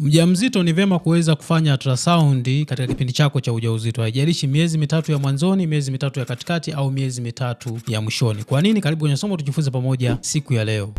Mjamzito ni vyema kuweza kufanya ultrasound katika kipindi chako cha ujauzito, haijalishi miezi mitatu ya mwanzoni, miezi mitatu ya katikati au miezi mitatu ya mwishoni. Kwa nini? Karibu kwenye somo tujifunze pamoja siku ya leo.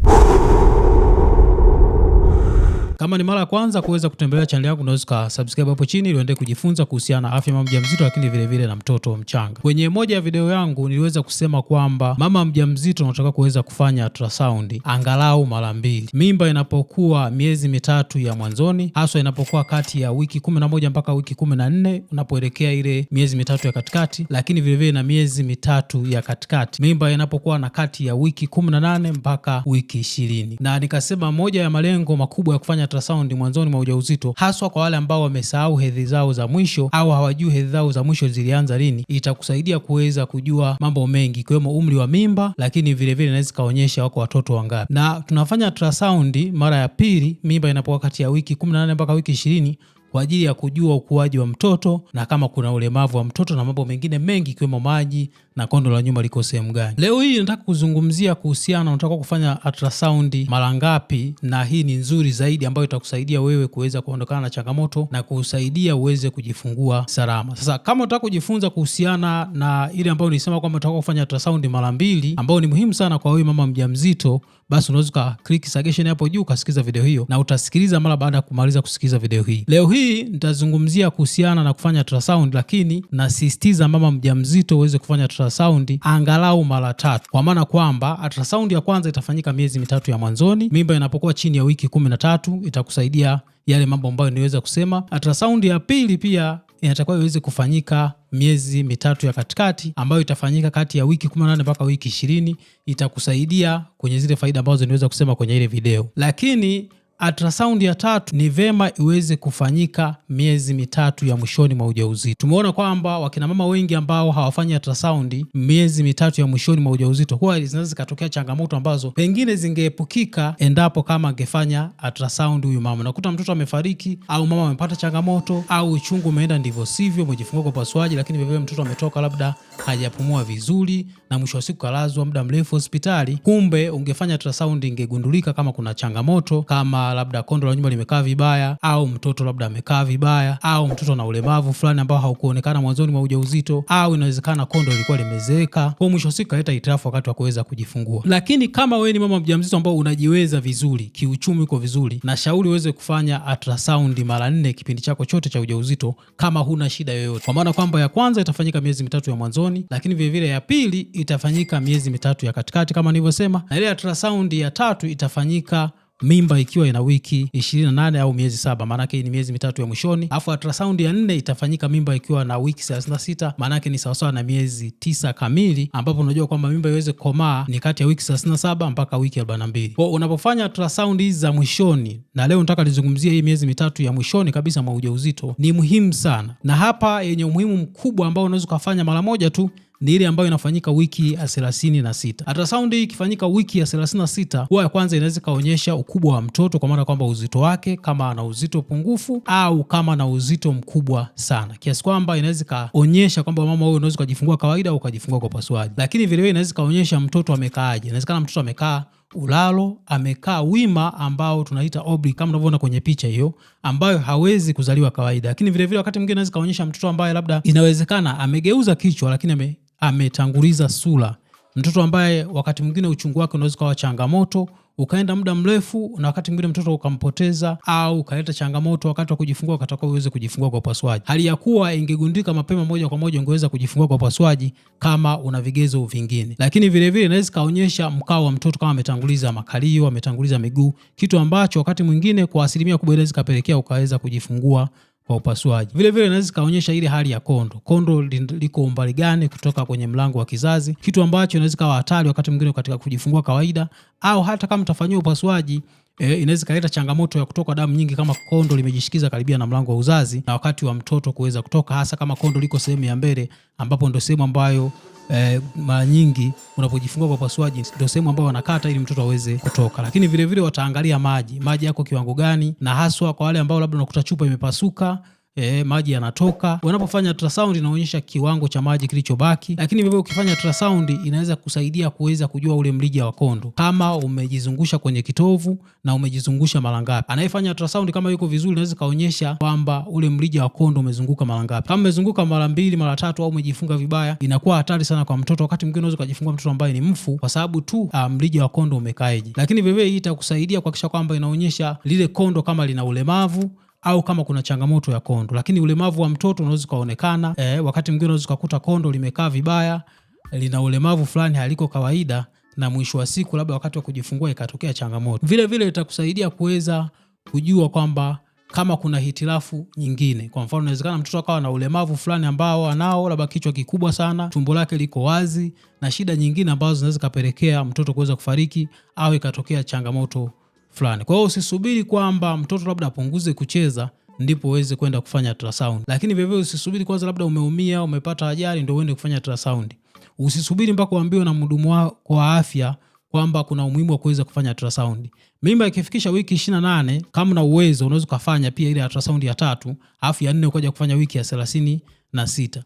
Kama ni mara ya kwanza kuweza kutembelea chaneli yangu, unaweza ukasubscribe hapo chini ili uendelee kujifunza kuhusiana na afya mama mjamzito, lakini vilevile vile na mtoto mchanga. Kwenye moja ya video yangu niliweza kusema kwamba mama mjamzito anataka kuweza kufanya ultrasound angalau mara mbili mimba inapokuwa miezi mitatu ya mwanzoni, haswa inapokuwa kati ya wiki kumi na moja mpaka wiki kumi na nne unapoelekea ile miezi mitatu ya katikati, lakini vilevile na miezi mitatu ya katikati mimba inapokuwa na kati ya wiki kumi na nane mpaka wiki ishirini na nikasema moja ya malengo makubwa ya kufanya ultrasound mwanzoni mwa ujauzito, haswa kwa wale ambao wamesahau hedhi zao za mwisho au hawajui hedhi zao za mwisho zilianza lini, itakusaidia kuweza kujua mambo mengi ikiwemo umri wa mimba, lakini vilevile inaweza ikaonyesha wako watoto wangapi. Na tunafanya ultrasound mara ya pili mimba inapokuwa kati ya wiki 18 mpaka wiki 20 kwa ajili ya kujua ukuaji wa mtoto na kama kuna ulemavu wa mtoto na mambo mengine mengi ikiwemo maji na kondo la nyuma liko sehemu gani. Leo hii nataka kuzungumzia kuhusiana unataka kufanya ultrasound mara ngapi, na hii ni nzuri zaidi ambayo itakusaidia wewe kuweza kuondokana na changamoto na kusaidia uweze kujifungua salama. Sasa kama unataka kujifunza kuhusiana na ile ambayo nilisema kwamba unataka kufanya ultrasound mara mbili, ambayo ni muhimu sana kwa wewe mama mjamzito basi unaweza click suggestion hapo juu ukasikiliza video hiyo, na utasikiliza mara baada ya kumaliza kusikiliza video hii. Leo hii nitazungumzia kuhusiana na kufanya ultrasound, lakini nasisitiza mama mjamzito uweze kufanya ultrasound angalau mara tatu, kwa maana kwamba ultrasound ya kwanza itafanyika miezi mitatu ya mwanzoni, mimba inapokuwa chini ya wiki kumi na tatu itakusaidia yale mambo ambayo niweza kusema. Ultrasound ya pili pia inatakiwa iweze kufanyika miezi mitatu ya katikati ambayo itafanyika kati ya wiki 18 mpaka wiki 20. Itakusaidia kwenye zile faida ambazo niweza kusema kwenye ile video, lakini Ultrasound ya tatu ni vema iweze kufanyika miezi mitatu ya mwishoni mwa ujauzito. Tumeona kwamba wakinamama wengi ambao hawafanyi ultrasound miezi mitatu ya mwishoni mwa ujauzito, huwa zinaweza zikatokea changamoto ambazo pengine zingeepukika endapo kama angefanya ultrasound huyu mama. Unakuta mtoto amefariki au mama amepata changamoto au uchungu umeenda ndivyo sivyo, umejifungua kwa upasuaji, lakini vilevile mtoto ametoka labda hajapumua vizuri, na mwisho wa siku kalazwa muda mrefu hospitali. Kumbe ungefanya ultrasound, ingegundulika kama kuna changamoto kama labda kondo la nyumba limekaa vibaya, au mtoto labda amekaa vibaya, au mtoto na ulemavu fulani ambao haukuonekana mwanzoni mwa ujauzito, au inawezekana kondo lilikuwa limezeeka, kwa mwisho siku kaleta itirafu wakati wa kuweza kujifungua. Lakini kama wewe ni mama mjamzito ambao unajiweza vizuri kiuchumi, uko vizuri, na shauri uweze kufanya ultrasound mara nne kipindi chako chote cha ujauzito kama huna shida yoyote, kwa maana kwamba ya kwanza itafanyika miezi mitatu ya mwanzoni, lakini vilevile ya pili itafanyika miezi mitatu ya katikati kama nilivyosema, na ile ultrasound ya tatu itafanyika mimba ikiwa ina wiki 28 au miezi saba, maanake ni miezi mitatu ya mwishoni, alafu ultrasound ya nne itafanyika mimba ikiwa na wiki 36, maanake ni sawasawa na miezi tisa kamili, ambapo unajua kwamba mimba iweze kukomaa ni kati ya wiki 37 mpaka wiki 42. Kwa unapofanya ultrasound hizi za mwishoni, na leo nataka nizungumzie hii miezi mitatu ya mwishoni kabisa mwa ujauzito, ni muhimu sana, na hapa yenye umuhimu mkubwa ambao unaweza ukafanya mara moja tu ni ile ambayo inafanyika wiki ya 36. na sita. Ultrasound ikifanyika wiki ya 36, sita huwa ya kwanza inaweza ikaonyesha ukubwa wa mtoto, kwa maana kwamba uzito wake, kama ana uzito pungufu au kama ana uzito mkubwa sana, kiasi kwamba inaweza ikaonyesha kwamba mama huyo unaweza ukajifungua kawaida au ukajifungua kwa upasuaji. Lakini vilevile inaweza ikaonyesha mtoto amekaaje, inawezekana mtoto amekaa ulalo amekaa wima ambao tunaita obli kama unavyoona kwenye picha hiyo, ambayo hawezi kuzaliwa kawaida. Lakini vile vile wakati mwingine anaweza kaonyesha mtoto ambaye labda inawezekana amegeuza kichwa, lakini ame, ametanguliza sura mtoto ambaye wakati mwingine uchungu wake unaweza ukawa changamoto ukaenda muda mrefu, na wakati mwingine mtoto ukampoteza au ukaleta changamoto wakati wa kujifungua, ukataka uweze kujifungua kwa upasuaji. Hali ya kuwa ingegundika mapema, moja kwa moja ungeweza kujifungua kwa upasuaji kama una vigezo vingine. Lakini vilevile inaweza ikaonyesha mkao wa mtoto, kama ametanguliza makalio, ametanguliza miguu, kitu ambacho wakati mwingine kwa asilimia kubwa inaweza ikapelekea ukaweza kujifungua wa upasuaji. Vile vile inaweza ikaonyesha ile hali ya kondo, kondo liko umbali gani kutoka kwenye mlango wa kizazi, kitu ambacho inaweza ikawa hatari wakati mwingine katika kujifungua kawaida, au hata kama utafanyia upasuaji e, inaweza ikaleta changamoto ya kutoka damu nyingi kama kondo limejishikiza karibia na mlango wa uzazi na wakati wa mtoto kuweza kutoka, hasa kama kondo liko sehemu ya mbele, ambapo ndio sehemu ambayo e, mara nyingi unapojifungua kwa upasuaji ndio sehemu ambayo wanakata ili mtoto aweze kutoka. Lakini vilevile vile wataangalia maji, maji yako kiwango gani, na haswa kwa wale ambao labda unakuta chupa imepasuka e, maji yanatoka. Unapofanya ultrasound inaonyesha kiwango cha maji kilichobaki, lakini vivyo ukifanya ultrasound inaweza kusaidia kuweza kujua ule mrija wa kondo kama umejizungusha kwenye kitovu na umejizungusha mara ngapi. Anayefanya ultrasound kama yuko vizuri, inaweza kaonyesha kwamba ule mrija wa kondo umezunguka mara ngapi. Kama umezunguka mara mbili, mara tatu au umejifunga vibaya, inakuwa hatari sana kwa mtoto. Wakati mwingine unaweza kujifunga mtoto ambaye ni mfu kwa sababu tu ah, mrija wa kondo umekaeje. Lakini vivyo hii itakusaidia kuhakikisha kwamba inaonyesha lile kondo kama lina ulemavu au kama kuna changamoto ya kondo. Lakini ulemavu wa mtoto unaweza ukaonekana e, wakati mwingine unaweza ukakuta kondo limekaa vibaya, lina ulemavu fulani haliko kawaida, na mwisho wa siku labda wakati wa kujifungua ikatokea changamoto. Vile vile itakusaidia kuweza kujua kwamba kama kuna hitilafu nyingine. Kwa mfano, inawezekana mtoto akawa na ulemavu fulani ambao anao, labda kichwa kikubwa sana, tumbo lake liko wazi, na shida nyingine ambazo zinaweza kapelekea mtoto kuweza kufariki au ikatokea changamoto fulani. Kwa hiyo usisubiri kwamba mtoto labda apunguze kucheza ndipo uweze kwenda kufanya ultrasound, lakini vivyo usisubiri kwanza labda umeumia, umepata ajali ndio uende kufanya ultrasound. Usisubiri mpaka uambiwe na mhudumu wako wa afya kwamba kuna umuhimu wa kuweza kufanya ultrasound. Mimba ikifikisha wiki 28 kama una uwezo unaweza ukafanya pia ile ultrasound ya tatu, afu ya nne ukaja kufanya wiki ya 36. na sita.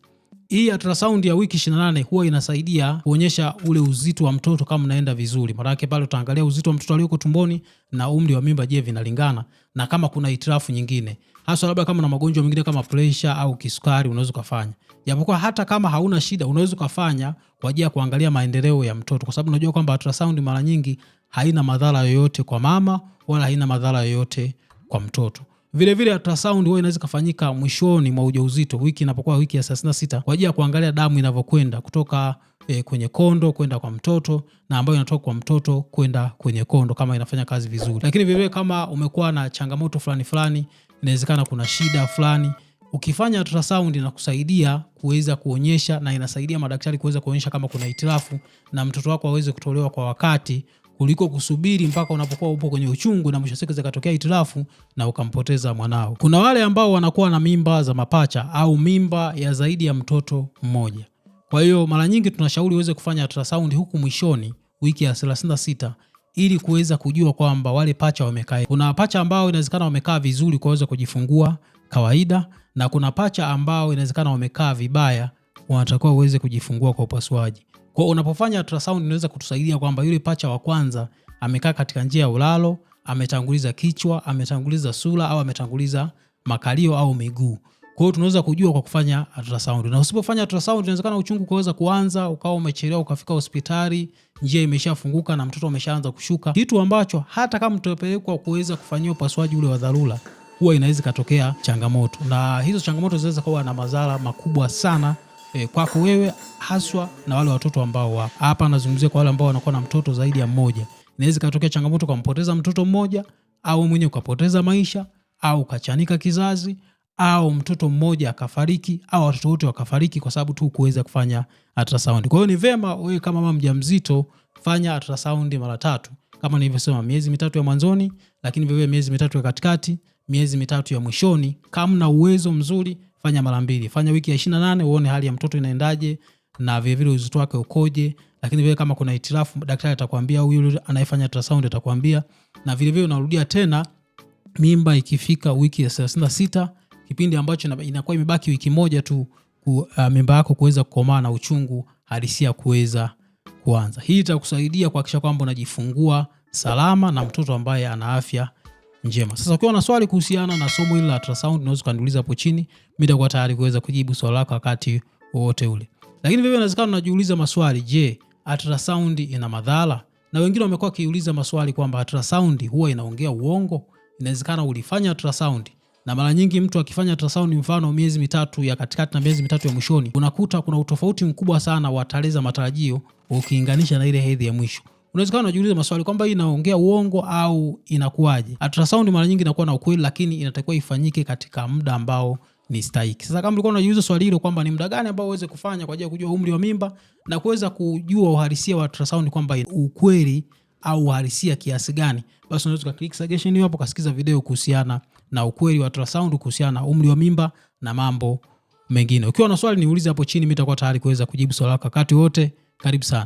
Hii ultrasound ya wiki 28 huwa inasaidia kuonyesha ule uzito wa mtoto kama unaenda vizuri. Mara yake pale utaangalia uzito wa mtoto aliyoko tumboni na umri wa mimba, je, vinalingana na kama kuna itirafu nyingine. Hasa labda kama na magonjwa mengine kama pressure au kisukari unaweza kufanya. Japokuwa hata kama hauna shida unaweza kufanya kwa ajili ya kuangalia maendeleo ya mtoto kwa sababu unajua kwamba ultrasound mara nyingi haina madhara yoyote kwa mama wala haina madhara yoyote kwa mtoto. Vilevile ultrasound huwa inaweza kufanyika mwishoni mwa ujauzito, wiki inapokuwa wiki ya 36 kwa ajili ya kuangalia damu inavyokwenda kutoka e, kwenye kondo kwenda kwa mtoto na ambayo inatoka kwa mtoto kwenda kwenye kondo kama inafanya kazi vizuri. Lakini vile kama umekuwa na changamoto fulani fulani, inawezekana kuna shida fulani ukifanya ultrasound inakusaidia kuweza kuonyesha na inasaidia madaktari kuweza kuonyesha kama kuna hitilafu na mtoto wako aweze kutolewa kwa wakati kuliko kusubiri mpaka unapokuwa upo kwenye uchungu na mwisho siku zikatokea hitilafu na ukampoteza mwanao. Kuna wale ambao wanakuwa na mimba za mapacha au mimba ya zaidi ya mtoto mmoja. Kwa hiyo mara nyingi tunashauri uweze kufanya ultrasound huku mwishoni wiki ya 36 ili kuweza kujua kwamba wale pacha wamekaa. Kuna pacha ambao inawezekana wamekaa vizuri kwaweza kujifungua kawaida, na kuna pacha ambao inawezekana wamekaa vibaya, wanatakiwa uweze kujifungua kwa upasuaji. Kwa unapofanya ultrasound inaweza kutusaidia kwamba yule pacha wa kwanza amekaa katika njia ya ulalo, ametanguliza kichwa, ametanguliza sura au ametanguliza makalio au miguu. Kwa hiyo tunaweza kujua kwa kufanya ultrasound. Na usipofanya ultrasound inawezekana uchungu kuweza kuanza, ukawa umechelewa ukafika hospitali, njia imeshafunguka na mtoto ameshaanza kushuka. Kitu ambacho hata kama mtapelekwa kuweza kufanyiwa upasuaji ule wa dharura, huwa inaweza katokea changamoto. Na hizo changamoto zinaweza kuwa na madhara makubwa sana e, kwako wewe haswa na wale watoto ambao wapo hapa. Anazungumzia kwa wale ambao wanakuwa na mtoto zaidi ya mmoja, inaweza ikatokea changamoto ukampoteza mtoto mmoja, au mwenyewe ukapoteza maisha, au ukachanika kizazi, au mtoto mmoja akafariki, au watoto wote wakafariki kwa sababu tu kuweza kufanya ultrasound. Kwa hiyo ni vema wewe kama mama mjamzito fanya ultrasound mara tatu kama nilivyosema, miezi mitatu ya mwanzoni, lakini vivyo miezi mitatu ya katikati, miezi mitatu ya mwishoni, kama na uwezo mzuri fanya mara mbili, fanya wiki ya ishirini na nane uone hali ya mtoto inaendaje na vilevile uzito wake ukoje, lakini vile kama kuna hitilafu daktari atakwambia, huyu yule anayefanya ultrasound atakwambia, na vilevile unarudia tena mimba ikifika wiki ya thelathini na sita kipindi ambacho inakuwa imebaki wiki moja tu ku, uh, mimba yako kuweza kukomaa na uchungu halisia kuweza kuanza. Hii itakusaidia kuhakikisha kwamba unajifungua salama na mtoto ambaye ana afya njema. Sasa ukiwa na swali kuhusiana na somo hili la ultrasound, unaweza kuniuliza hapo chini, mimi nitakuwa tayari kuweza kujibu swali lako wakati wowote ule. Lakini vivyo inawezekana unajiuliza maswali, je, ultrasound ina madhara? Na wengine wamekuwa wakiuliza maswali kwamba ultrasound huwa inaongea uongo. Inawezekana ulifanya ultrasound na mara nyingi mtu akifanya ultrasound mfano miezi mitatu ya katikati na miezi mitatu ya mwishoni, unakuta kuna utofauti mkubwa sana wa tarehe za matarajio ukilinganisha na ile hedhi ya mwisho unawezekana unajiuliza maswali kwamba hii inaongea uongo au inakuwaje? Ultrasound mara nyingi inakuwa na ukweli, lakini inatakiwa ifanyike katika muda ambao ni stahiki. Sasa kama ulikuwa unajiuliza swali hilo kwamba ni muda gani ambao uweze kufanya kwa ajili ya kujua umri wa mimba na kuweza kujua uhalisia wa ultrasound kwamba ukweli au uhalisia kiasi gani, basi unaweza ukaklik suggestion hiyo hapo ukasikiza video kuhusiana na ukweli wa ultrasound kuhusiana na umri wa mimba na mambo mengine. Ukiwa na swali niulize hapo chini, mimi nitakuwa tayari kuweza kujibu swali lako wakati wote. Karibu sana.